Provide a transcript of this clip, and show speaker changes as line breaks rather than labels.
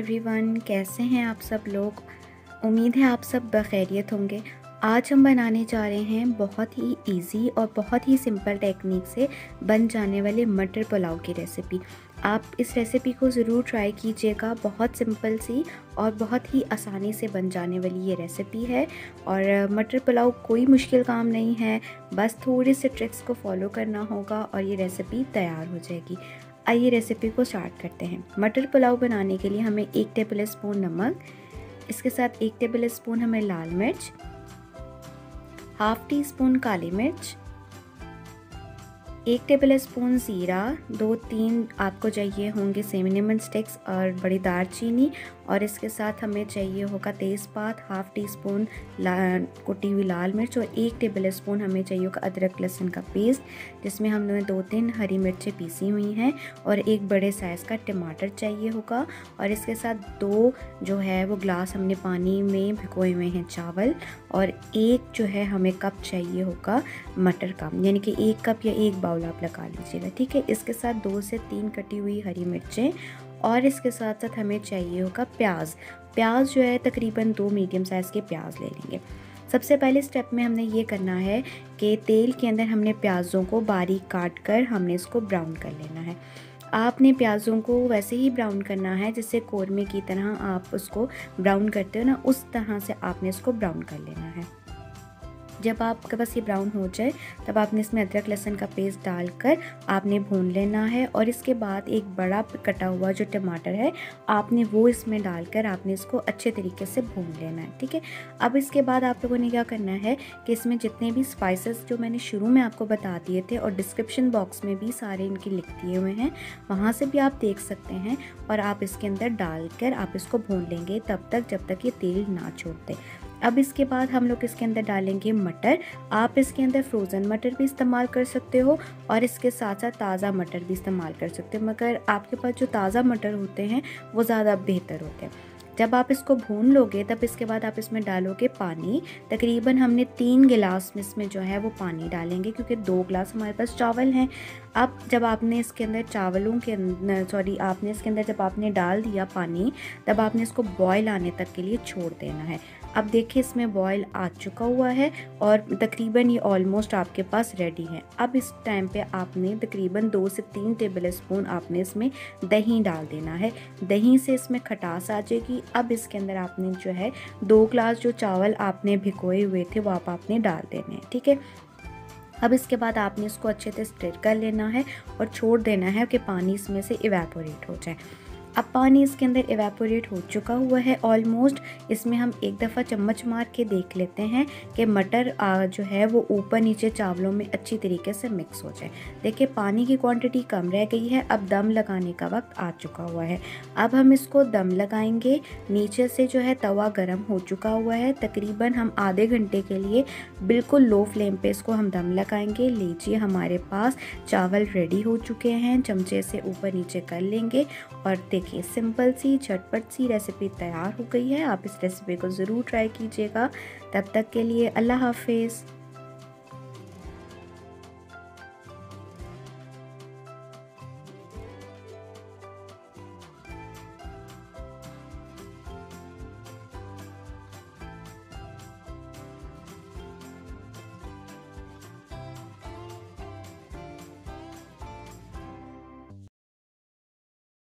everyone कैसे हैं आप सब लोग उम्मीद है आप सब बखैरियत होंगे आज हम बनाने जा रहे हैं बहुत ही इजी और बहुत ही सिंपल टेक्निक से बन जाने वाले मटर पुलाव की रेसिपी आप इस रेसिपी को ज़रूर ट्राई कीजिएगा बहुत सिंपल सी और बहुत ही आसानी से बन जाने वाली ये रेसिपी है और मटर पुलाव कोई मुश्किल काम नहीं है बस थोड़े से ट्रिक्स को फॉलो करना होगा और ये रेसिपी तैयार हो जाएगी आइए रेसिपी को स्टार्ट करते हैं मटर पुलाव बनाने के लिए हमें एक टेबल स्पून नमक इसके साथ एक टेबल स्पून हमें लाल मिर्च हाफ टी स्पून काली मिर्च एक टेबल स्पून ज़ीरा दो तीन आपको चाहिए होंगे सेमिनिमन स्टिक्स और बड़ी दार चीनी और इसके साथ हमें चाहिए होगा तेज़पात हाफ़ टी स्पून कुटी हुई लाल मिर्च और एक टेबल स्पून हमें चाहिए होगा अदरक लहसुन का पेस्ट जिसमें हमने दो तीन हरी मिर्चें पीसी हुई हैं और एक बड़े साइज़ का टमाटर चाहिए होगा और इसके साथ दो जो है वो ग्लास हमने पानी में भिगोए हुए हैं चावल और एक जो है हमें कप चाहिए होगा मटर का यानी कि एक कप या एक बाउल आप लगा लीजिएगा ठीक है इसके साथ दो से तीन कटी हुई हरी मिर्चें और इसके साथ साथ हमें चाहिए होगा प्याज प्याज जो है तकरीबन दो मीडियम साइज़ के प्याज ले लेंगे सबसे पहले स्टेप में हमने ये करना है कि तेल के अंदर हमने प्याज़ों को बारीक काट कर हमने इसको ब्राउन कर लेना है आपने प्याज़ों को वैसे ही ब्राउन करना है जैसे कौरमे की तरह आप उसको ब्राउन करते हो ना उस तरह से आपने इसको ब्राउन कर लेना है जब आपके पास ये ब्राउन हो जाए तब आपने इसमें अदरक लहसन का पेस्ट डालकर आपने भून लेना है और इसके बाद एक बड़ा कटा हुआ जो टमाटर है आपने वो इसमें डालकर आपने इसको अच्छे तरीके से भून लेना है ठीक है अब इसके बाद आप लोगों ने क्या करना है कि इसमें जितने भी स्पाइसेस जो मैंने शुरू में आपको बता दिए थे और डिस्क्रिप्शन बॉक्स में भी सारे इनके लिख दिए हुए हैं वहाँ से भी आप देख सकते हैं और आप इसके अंदर डालकर आप इसको भून लेंगे तब तक जब तक ये तेल ना छोड़ते अब इसके बाद हम लोग इसके अंदर डालेंगे मटर आप इसके अंदर फ्रोज़न मटर भी इस्तेमाल कर सकते हो और इसके साथ साथ ताज़ा मटर भी इस्तेमाल कर सकते हो मगर आपके पास जो ताज़ा मटर होते हैं वो ज़्यादा बेहतर होते हैं जब आप इसको भून लोगे तब इसके बाद आप इसमें डालोगे पानी तकरीबन हमने तीन गिलास में इसमें जो है वो पानी डालेंगे क्योंकि दो गिलास हमारे पास चावल हैं अब जब आपने इसके अंदर चावलों के अं, सॉरी आपने इसके अंदर जब आपने डाल दिया पानी तब आपने इसको बॉयल आने तक के लिए छोड़ देना है अब देखिए इसमें बॉयल आ चुका हुआ है और तकरीबन ये ऑलमोस्ट आपके पास रेडी है अब इस टाइम पे आपने तकरीबन दो से तीन टेबल स्पून आपने इसमें दही डाल देना है दही से इसमें खटास आ जाएगी अब इसके अंदर आपने जो है दो ग्लास जो चावल आपने भिगोए हुए थे वो आप आपने डाल देने हैं ठीक है अब इसके बाद आपने इसको अच्छे से स्ट्रेट कर लेना है और छोड़ देना है कि पानी इसमें से इवेपोरेट हो जाए अब पानी इसके अंदर एवेपोरेट हो चुका हुआ है ऑलमोस्ट इसमें हम एक दफ़ा चम्मच मार के देख लेते हैं कि मटर जो है वो ऊपर नीचे चावलों में अच्छी तरीके से मिक्स हो जाए देखिए पानी की क्वांटिटी कम रह गई है अब दम लगाने का वक्त आ चुका हुआ है अब हम इसको दम लगाएंगे नीचे से जो है तवा गर्म हो चुका हुआ है तकरीबन हम आधे घंटे के लिए बिल्कुल लो फ्लेम पर इसको हम दम लगाएंगे लीजिए हमारे पास चावल रेडी हो चुके हैं चमचे से ऊपर नीचे कर लेंगे और देखिए सिंपल सी झटपट सी रेसिपी तैयार हो गई है आप इस रेसिपी को ज़रूर ट्राई कीजिएगा तब तक के लिए अल्लाह हाफिज़